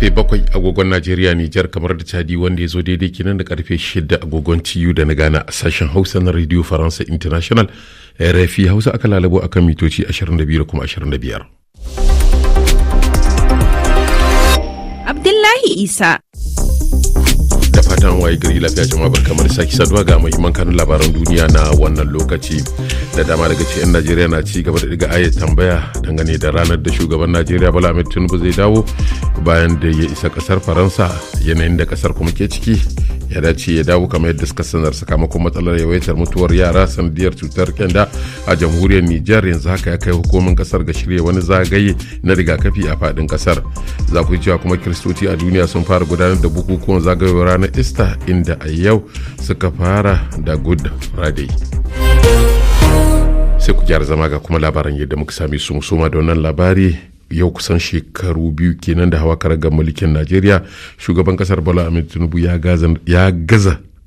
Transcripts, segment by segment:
karfe 7 agogon Najeriya Nijar kamar da Chadi wanda ya zo daidai kinan da karfe 6 agogon tiyu da na gana a sashen Hausa na Radio Faransa International RFI Hausa aka lalabo akan mitoci 22 da kuma 25. Abdullahi Isa fatan waye gari lafiya jama'a barkamu da saki saduwa ga muhimman kanun labaran duniya na wannan lokaci da dama daga cikin najeriya na ci gaba da diga ayat tambaya dangane da ranar da shugaban najeriya bala amir tinubu zai dawo bayan da ya isa kasar faransa yanayin da kasar kuma ke ciki ya dace ya dawo kamar yadda suka sanar sakamakon matsalar yawaitar mutuwar yara sanadiyar cutar kyanda a jamhuriyar Nijar yanzu haka ya kai hukumin kasar ga shirya wani zagaye na rigakafi a fadin kasar. Za ku cewa kuma kiristoci a duniya sun fara gudanar da bukukuwan zagayowar ranar ista inda a yau suka fara da Good Friday. sai ku gyara zama ga kuma labaran yadda muka sami su musoma da wannan labari yau kusan shekaru biyu kenan da hawa ga mulkin najeriya shugaban kasar bala amin tinubu ya gaza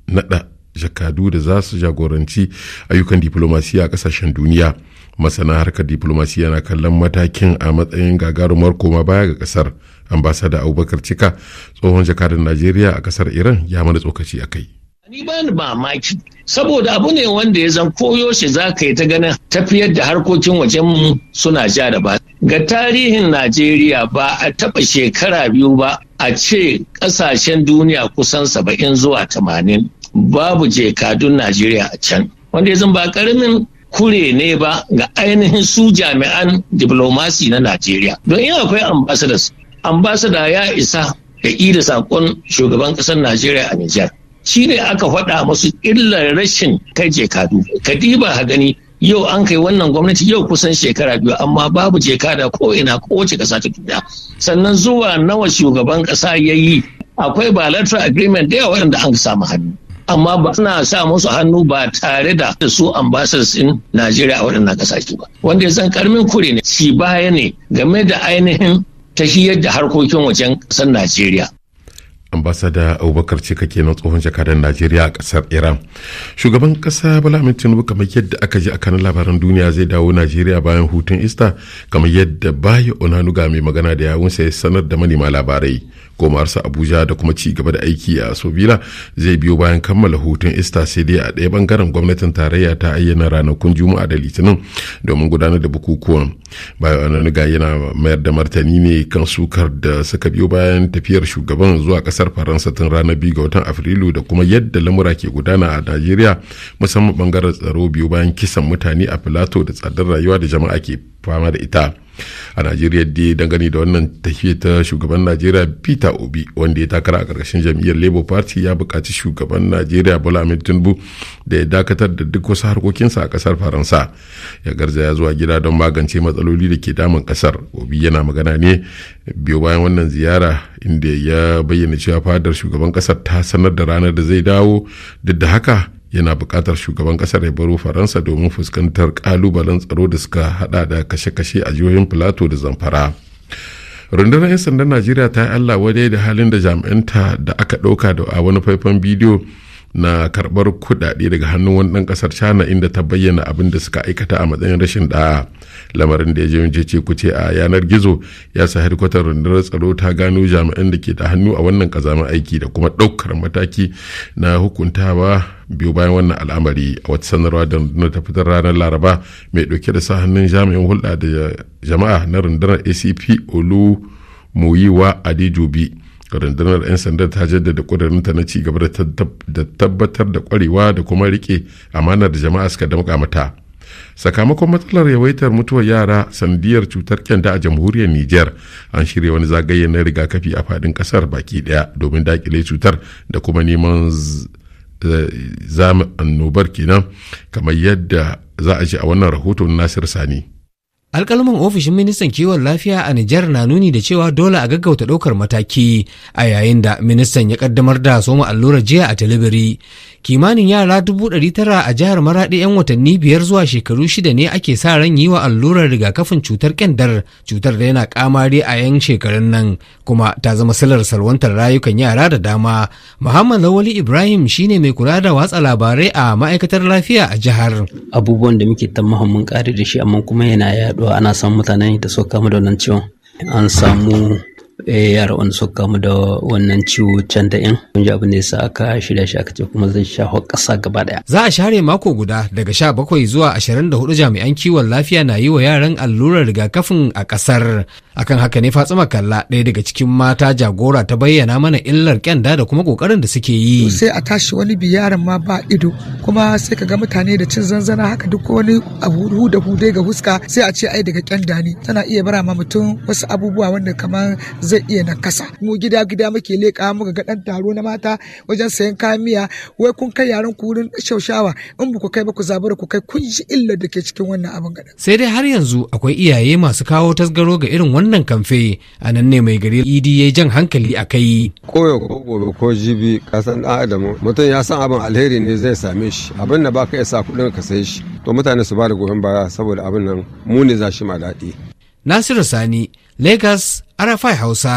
nada jakadu da za su jagoranci ayyukan diplomasiya a kasashen duniya masana harkar diplomasiya na kallon matakin a matsayin gagarumar koma baya ga kasar ambasada abubakar cika tsohon jakadar najeriya a kasar iran ya mana tsokaci a kai Ni ba ni mamaki, saboda abu ne wanda ya zan koyo shi za ka yi ta ganin tafiyar da harkokin wajenmu suna ja da ba. Ga tarihin Najeriya ba a taɓa shekara biyu ba a ce ƙasashen duniya kusan saba'in zuwa tamanin babu jekadun Najeriya a can. Wanda ya zan ba karamin kure ne ba ga ainihin su jami'an diplomasi na Najeriya. Don in akwai ambassadors, ambassador ya isa da da saƙon shugaban ƙasar Najeriya a Nijar. shi ne aka faɗa musu illar rashin kai je kadiba ha gani yau an kai wannan gwamnati yau kusan shekara biyu amma babu jekada da ko ina ko wace kasa ta duniya sannan zuwa nawa shugaban ƙasa ya yi akwai bilateral agreement da yawa waɗanda an samu hannu amma ba suna sa musu hannu ba tare da su ambassadors in Najeriya a waɗannan kasashe ba wanda ya san karmin kure ne Shi baya ne game da ainihin ta da harkokin wajen ƙasar Najeriya ambasada abubakar ce kake na tsohon jakadan najeriya a kasar iran shugaban kasa bala amin tinubu kamar yadda aka ji a kan labaran duniya zai dawo najeriya bayan hutun ista kamar yadda bayo onanuga mai magana da yawunsa ya sanar da manema labarai komarsa abuja da kuma ci gaba da aiki a sobila zai biyo bayan kammala hutun ista sai dai a ɗaya bangaren gwamnatin tarayya ta ayyana ranakun juma'a da litinin domin gudanar da bukukuwan bayan ga yana mayar da martani ne kan sukar da suka biyo bayan tafiyar shugaban zuwa kasar faransa tun ranar biyu ga watan afrilu da kuma yadda lamura ke gudana a najeriya musamman bangaren tsaro biyo bayan kisan mutane a filato da tsadar rayuwa da jama'a ke fama da ita a najeriya dai dangane da wannan tafiya ta shugaban najeriya peter obi wanda ya takara a karkashin jam'iyyar labour party ya buƙaci shugaban najeriya bola ahmed tinubu da ya dakatar da duk wasu harkokinsa a kasar faransa ya garzaya zuwa gida don magance matsaloli da ke damun kasar obi yana magana ne biyo bayan wannan ziyara inda ya bayyana cewa fadar shugaban kasar ta sanar da ranar da zai dawo duk da haka yana buƙatar shugaban ƙasar ya baro faransa domin fuskantar ƙalubalen tsaro da suka haɗa da kashe-kashe a jihohin plateau da zamfara rundunar 'yan sandan najeriya ta yi allah wadai da halin da jami'anta da aka ɗauka da a wani faifan bidiyo na karɓar kuɗaɗe daga hannun wani ɗan ƙasar china inda ta bayyana abin da suka aikata a matsayin rashin ɗa'a lamarin da ya je ce kuce a yanar gizo ya sa hedkwatar rundunar tsaro ta gano jami'an da ke da hannu a wannan ƙazamin aiki da kuma ɗaukar mataki na hukuntawa biyu bayan wannan al'amari a wata sanarwa da rundunar ta fitar ranar laraba mai ɗauke da sa hannun jami'in hulɗa da jama'a na rundunar acp olu muyiwa adejobi rundunar 'yan sanda ta jaddada ƙudurinta na ci gaba da tabbatar da kwarewa da kuma rike amanar da jama'a suka damƙa mata sakamakon matsalar yawaitar mutuwar yara sandiyar cutar kyanda a jamhuriyar niger an shirya wani zagaye na rigakafi a faɗin ƙasar baki ɗaya domin daƙile cutar da kuma neman eh, zama annobar kenan kamar yadda za a ji a wannan rahoton nasir sani alkalman ofishin ministan kiwon lafiya a Nijar na nuni da cewa dole a gaggauta ɗaukar mataki a yayin da ministan ya kaddamar da soma allurar jiya a talibiri kimanin yara dubu ɗari tara a jihar maraɗi 'yan watanni biyar zuwa shekaru shida ne ake sa ran yi wa allurar rigakafin cutar kyandar cutar da yana ƙamari a 'yan shekarun nan kuma ta zama silar salwantar rayukan yara da dama muhammad lawali ibrahim shine mai kula da watsa labarai a ma'aikatar lafiya a jihar abubuwan da muke ta mun kare da shi amma kuma yana yaduwa ana samun mutanen da suka kama da wannan ciwon an samu Eh, yara wanda suka kamu da wannan ciwo can da in kun ji abin da aka shirya shi aka ce kuma zai shafa ƙasa gaba daya za a share mako guda daga sha bakwai zuwa ashirin da hudu jami'an kiwon lafiya na yi wa yaran allurar rigakafin a ƙasar akan haka ne fatsima kalla ɗaya daga cikin mata jagora ta bayyana mana illar kyanda da kuma kokarin da suke yi sai a tashi wani biyaran ma ba ido kuma sai ka ga mutane da cin zanzana haka duk wani abu da hude ga huska sai a ce ai daga kyanda ne tana iya bara ma mutum wasu abubuwa wanda kamar zai iya nakasa mu gida gida muke leka muka ga dan taro na mata wajen sayan kayan miya wai kun kai yaran ku wurin shaushawa in ba ku kai ba ku zabura ku kai kun ji illar da ke cikin wannan abin gada sai dai har yanzu akwai iyaye masu kawo tasgaro ga irin wannan kamfe a nan ne mai gari idi ya jan hankali a kai koyo ko gobe ko jibi kasan dan adamu mutum ya san abin alheri ne zai same shi abin da baka isa kuɗin ka sai shi to mutane su ba da goyon baya saboda abin nan mu ne za shi ma daɗi nasiru sani lagos arafai hausa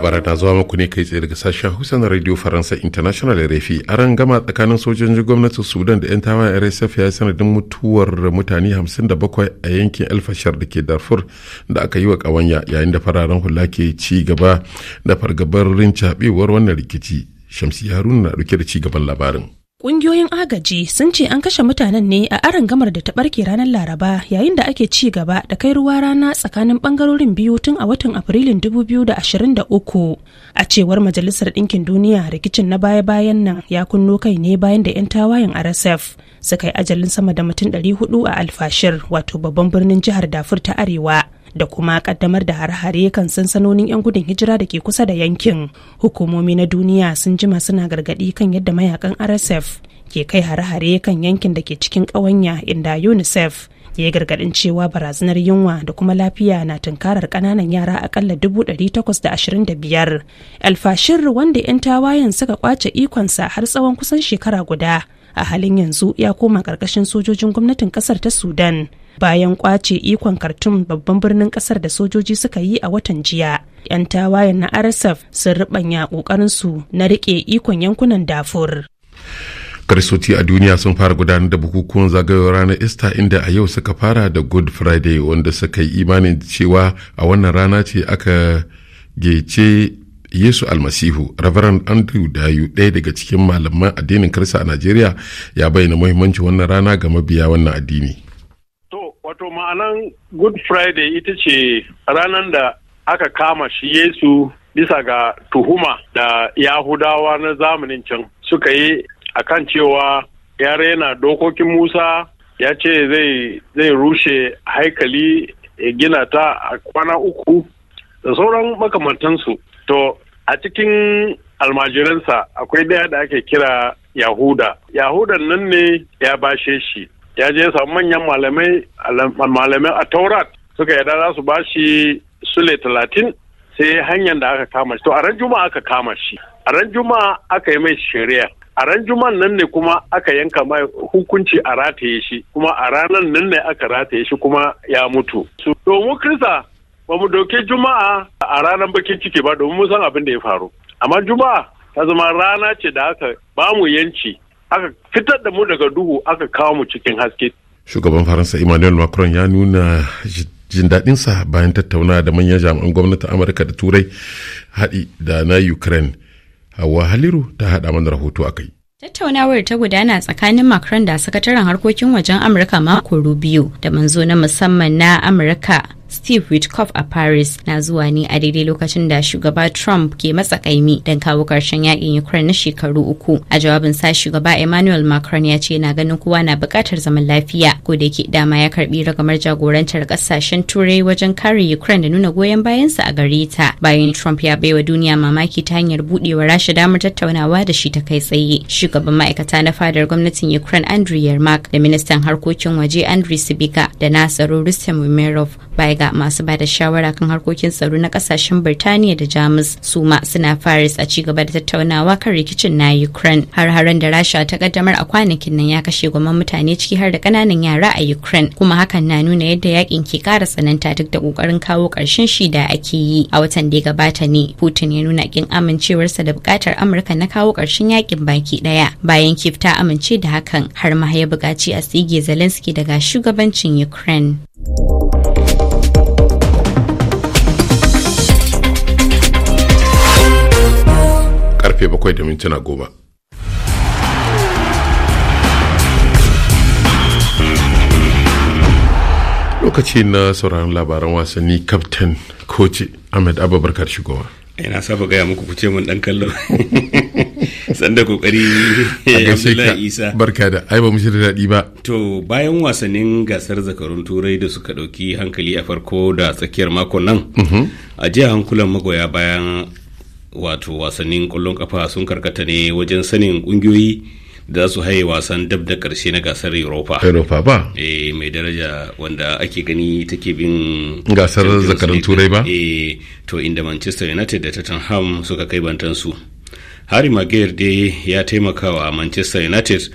labaran na zuwa muku ne kai tsaye daga sashen hausa na radio faransa international rafi a ran gama tsakanin sojojin gwamnatin sudan da 'yan tawayen rsf ya yi sanadin mutuwar mutane 57 a yankin alfashar da ke darfur da aka yi wa kawanya yayin da fararen hula ke ci gaba da fargabar rin wannan rikici shamsi haruna na dauke da ci gaban labarin Ƙungiyoyin agaji sun ce an kashe mutanen ne a aron gamar da ta ɓarke ranar Laraba yayin da ake ci gaba da kai ruwa rana tsakanin ɓangarorin biyu tun a watan Afrilun 2023. A cewar Majalisar Ɗinkin Duniya rikicin na baya-bayan nan ya kunno kai ne bayan da 'yan tawayen RSF suka yi ajalin sama da mutum 400 a Alfashir wato babban birnin jihar Dafur ta Arewa. da kuma kaddamar da har-hare kan sansanonin 'yan gudun hijira da ke kusa da yankin hukumomi na duniya sun jima suna gargadi kan yadda mayakan rsf ke kai har-hare kan yankin da ke cikin ƙawanya inda unicef ya yi gargadin cewa barazanar yunwa da kuma lafiya na tunkarar kananan yara akalla 825 alfashir wanda 'yan tawayen suka kwace ikonsa har tsawon kusan shekara guda a halin yanzu ya koma ƙarƙashin sojojin gwamnatin ƙasar ta sudan bayan kwace ikon kartun babban birnin kasar da sojoji suka yi a watan jiya 'yan tawayen na rsf sun ribanya kokarinsu na rike ikon yankunan dafur kiristoci a duniya sun fara gudanar da bukukuwan zagayowar ranar ista inda a yau suka fara da good friday wanda suka yi imanin cewa a wannan rana ce aka gece yesu almasihu reverend andrew dayu ɗaya daga cikin malaman addinin kirista a najeriya ya bayyana muhimmancin wannan rana ga mabiya wannan addini Wato ma'anan Good Friday ita ce ranar da aka kama shi Yesu bisa ga tuhuma da Yahudawa na zamanin can suka yi a kan cewa ya rena dokokin Musa ya ce zai rushe haikali ya gina ta a kwana uku da sauran makamantansu. To a cikin almajiransa akwai ɗaya da ake kira Yahuda. Yahudan nan ne ya bashe shi. ya je ya samu manyan malamai malamai a taurat suka yarda za su bashi sule talatin sai hanyar da aka kama shi to a ran juma'a aka kama shi a ran juma'a aka yi mai shari'a a ran juma'an nan ne kuma aka yanka mai hukunci a rataye shi kuma a ranar nan ne aka rataye shi kuma ya mutu su domin krista ba mu doke juma'a a ranar bakin ciki ba domin mun san abin da ya faru amma juma'a ta zama rana ce da aka ba mu yanci aka fitar da mu daga duhu aka kawo mu cikin haske shugaban faransa emmanuel macron ya nuna jin daɗinsa bayan tattauna da manyan jami'an gwamnatin amurka da turai haɗi da na ukraine hawa haliru ta haɗa mana rahoto a kai Tattaunawar ta gudana tsakanin Macron da sakataren harkokin wajen Amurka mako biyu da manzo na musamman na Amurka Steve Witkoff a Paris na zuwa ne a daidai lokacin da shugaba Trump ke matsa kaimi don kawo karshen yakin Ukraine na shekaru uku. A jawabin sa shugaba Emmanuel Macron ya ce na ganin kowa na bukatar zaman lafiya ko da yake dama ya karbi ragamar jagorantar kasashen Turai wajen kare Ukraine da nuna goyon bayansa a gare ta. Bayan Trump ya baiwa duniya mamaki ta hanyar buɗewa Rasha damar tattaunawa da shi ta kai tsaye. Shugaban ma'aikata na fadar gwamnatin Ukraine Andriy Yermak da ministan harkokin waje Andriy Sibika da na tsaro Rustem Umerov baya ga masu bada shawara kan harkokin tsaro na kasashen birtaniya da jamus su ma suna paris a ci gaba da tattaunawa kan rikicin na ukraine har-haren da rasha ta kaddamar a kwanakin nan ya kashe goma mutane ciki har da kananan yara a ukraine kuma hakan na nuna yadda yakin ke kara tsananta duk da kokarin kawo karshen shi da ake yi a watan da ya gabata ne putin ya nuna kin amincewarsa da bukatar amurka na kawo karshen yakin baki daya bayan Kiev ta amince da hakan har ma ya bukaci a tsige zelensky daga shugabancin ukraine karfe bakwai da mintuna goma. lokaci na sauraron labaran wasanni kaftan koci ahmed ababarkar shigowa ina saba gaya muku kuce mun dan kallo sanda kokari abdullahi isa barka da ai ba mu shirya daɗi ba to bayan wasannin gasar zakarun turai da suka ɗauki hankali a farko da tsakiyar makon nan mhm. a jiya hankulan magoya bayan wato wasannin kwallon kafa sun karkata ne wajen sanin ƙungiyoyi da su haye wasan dab da karshe na gasar europa europa ba eh mai daraja wanda ake gani take bin gasar zakarin turai ba eh to inda manchester united da tottenham suka kai bantansu harry maguire dai ya taimaka wa manchester united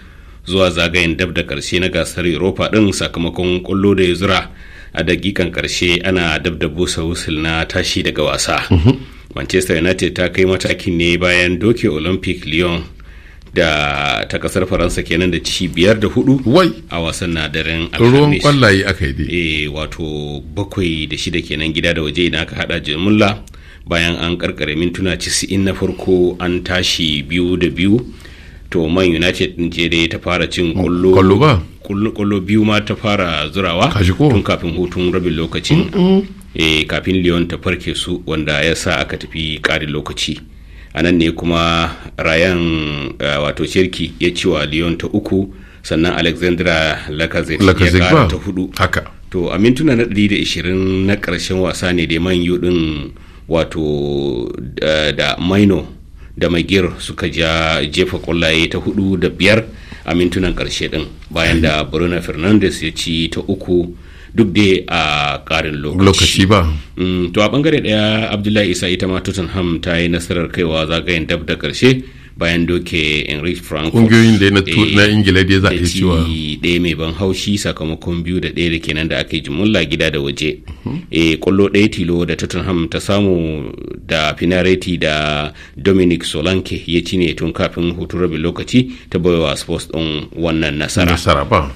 zuwa zagayen dab da karshe na gasar europa din sakamakon kwallo da ya zura a dakikan karshe ana dab da busa wusul na tashi daga wasa mhm. manchester united ta kai matakin ne bayan doke olympic lyon da ta kasar faransa kenan da ci biyar da hudu a wasan na daren ruwan kwallaye aka yi dai eh wato bakwai da shida kenan gida da waje idan aka hada jimilla bayan an karkare mintuna 90 na farko an tashi biyu da biyu to man united din je dai ta fara cin mm, kullo biyu ma ta fara zurawa tun kafin hutun rabin lokacin mm, mm. e, kafin lyon ta farke su wanda ya sa aka tafi karin lokaci a nan ne kuma rayan eh, wato cirki ya ci wa lyon ta uku sannan alexandra lacazette ya kara ta hudu haka to a mintuna na 120 na ƙarshen wasa ne da man din wato da maino da magir suka ja jefa kwallaye ta hudu da biyar a mintunan ƙarshe din bayan da bruno fernandes ya ci ta uku duk dai a karin lokaci ba mm, to a bangare daya abdullahi isa ita ma tottenham ta yi nasarar kaiwa zagayen dab da karshe bayan doke enrich franco ƙungiyoyin da na eh, ingila da za a yi cewa ɗaya mai ban haushi sakamakon biyu da ɗaya da kenan da aka yi jimulla gida da waje mhm. e eh, kwallo ɗaya tilo da tottenham ta samu da finareti da dominic solanke ya ci ne tun kafin hutu rabin lokaci ta baiwa sports ɗin wannan nasara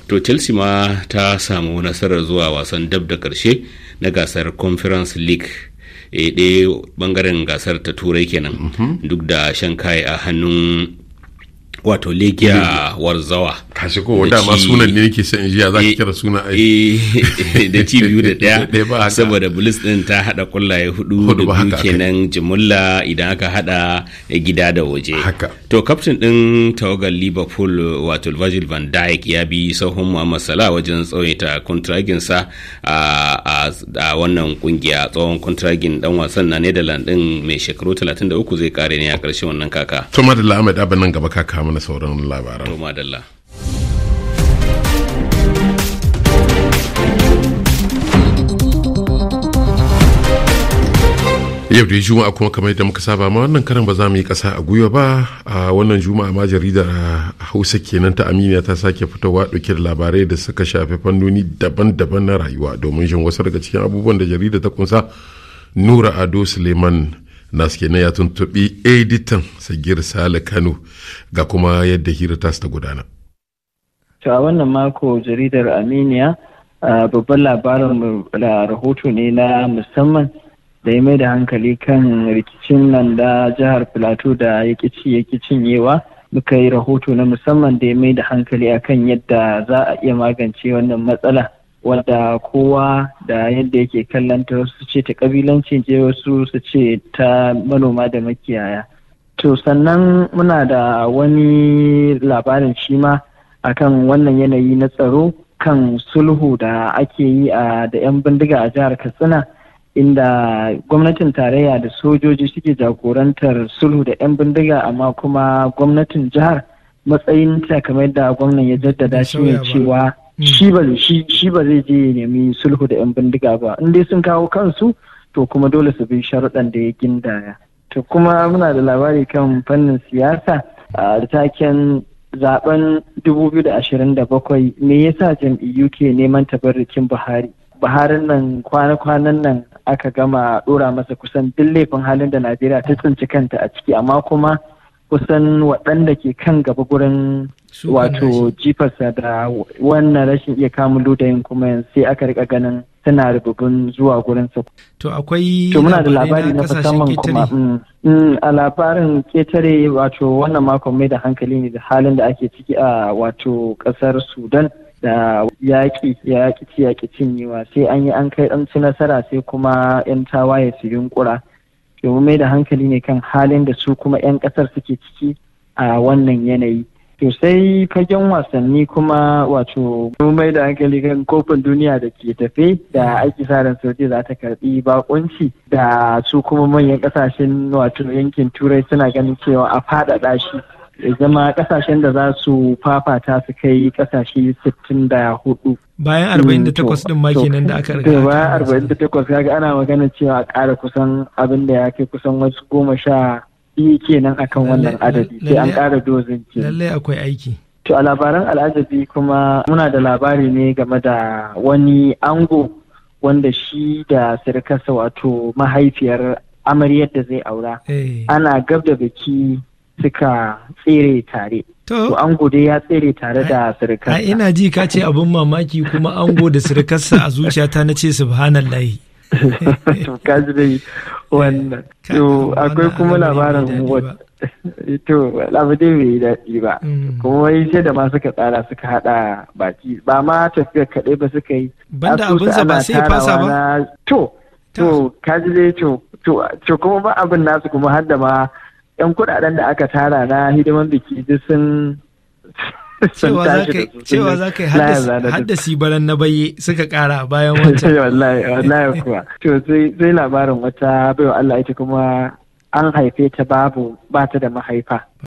to chelsea ma ta samu nasarar zuwa wasan dab da ƙarshe na gasar conference league Eh, ɗaya bangaren gasar ta turai kenan mm-hmm. duk da shan kai a hannun wato legiya warzawa ka shigo dama sunan ne nake san jiya za ka kira suna ai eh, da ci biyu da daya saboda bulis din ta hada kullaye hudu da biyu kenan jimulla idan aka hada gida da waje to captain din tawagar liverpool wato virgil van dijk ya bi sahun muhammad salah wajen tsawaita kontragin sa a wannan kungiya tsawon kontragin dan wasan na netherlands din mai shekaru 33 zai kare ne a karshen wannan kaka to madalla ahmed abin nan gaba kaka mana sauran labaran. To madalla. yau da juma'a kuma kamar yadda muka saba ma wannan karan ba za mu yi kasa a gwiwa ba a wannan juma'a ma jaridar hausa kenan ta aminiya ta sake fitowa dauke da labarai da suka shafi fannoni daban-daban na rayuwa domin jin wasu daga cikin abubuwan da jarida ta kunsa nura ado suleiman nas kenan ya tuntuɓi editan sagir sale kano ga kuma yadda hira ta ta gudana to a wannan mako jaridar aminiya babban labarin rahoto ne na musamman da ya mai da hankali kan rikicin nan da jihar plateau da ya kici ya cinyewa muka yi rahoto na musamman da ya mai da hankali akan yadda za a iya magance wannan matsala wadda kowa da yadda yake kallanta ta wasu ce ta kabilanci je wasu su ce ta manoma da makiyaya to sannan muna da wani labarin shi ma kan wannan yanayi na tsaro kan sulhu da ake yi a da 'yan bindiga a jihar katsina inda gwamnatin tarayya da sojoji suke jagorantar sulhu da 'yan bindiga amma kuma gwamnatin jihar matsayinta kamar da gwamnan ya jaddada shi cewa Mm. shi ba shi shi ba zai je ya nemi sulhu da yan bindiga ba in dai sun kawo kansu to kuma dole su bi sharuɗan da ya gindaya to kuma muna da labari kan fannin siyasa a taken zaben bakwai me yasa jam'iyyu ke neman tabarrukin buhari buharin nan kwana-kwanan nan aka gama dora masa kusan duk laifin halin da najeriya ta tsinci kanta a ciki amma kuma kusan waɗanda ke kan gaba gurin wato jifarsa da wannan rashin iya kamun ludayin kuma sai aka rika ganin suna rububin zuwa gurin sa. To akwai muna da labari na musamman kuma mm, mm, a labarin ketare wato wannan makon mai da hankali ne da halin da ake ciki a wato ƙasar Sudan da yaƙi yaƙi ci yaƙi cinyewa sai an yi an kai ɗan ci nasara sai kuma 'yan tawaye su yunƙura. domin mai da hankali ne kan halin da su kuma 'yan kasar suke ciki a wannan yanayi to sai fagen wasanni kuma wato mai da hankali kan kofin duniya da ke tafe da aiki sa sauti za ta karbi bakunci da su kuma manyan kasashen wato yankin turai suna ganin cewa a faɗaɗa shi zama kasashen da za su fafata su kai kasashe 64 bayan 48 din mm, ma kenan da aka riga bayan 48 kaga ana magana cewa a ƙara kusan abin da ya kai kusan wasu goma sha biyu kenan akan wannan adadi sai an ƙara dozin ke lallai akwai aiki to a labaran al'ajabi kuma muna da labari ne game da wani ango wanda shi da sirkasa wato mahaifiyar amaryar da zai aura eh. ana gab da biki suka tsere tare To ango dai ya tsere tare da surukarsa. Ai ina ji ka ce abin mamaki kuma ango da surukarsa a zuciyata na ce subhanallahi. To ka ji dai wannan. Eh, to akwai kuma labarin To abu dai mai daɗi ba. Mm. Kuma wai sai da ma suka tsara suka haɗa baki ba ma tafiya kaɗai ba suka yi. Banda abinsa ba sai fasa ba. To to ka ji dai to to kuma ba abin nasu kuma har da ma yan kudaden da aka tara na hidiman biki duk sun cewa za ka yi haddasi baran na baye suka kara bayan wancan wallahi wallahi kuwa to sai labarin wata baiwa Allah ita kuma an haife ta babu ba ta da mahaifa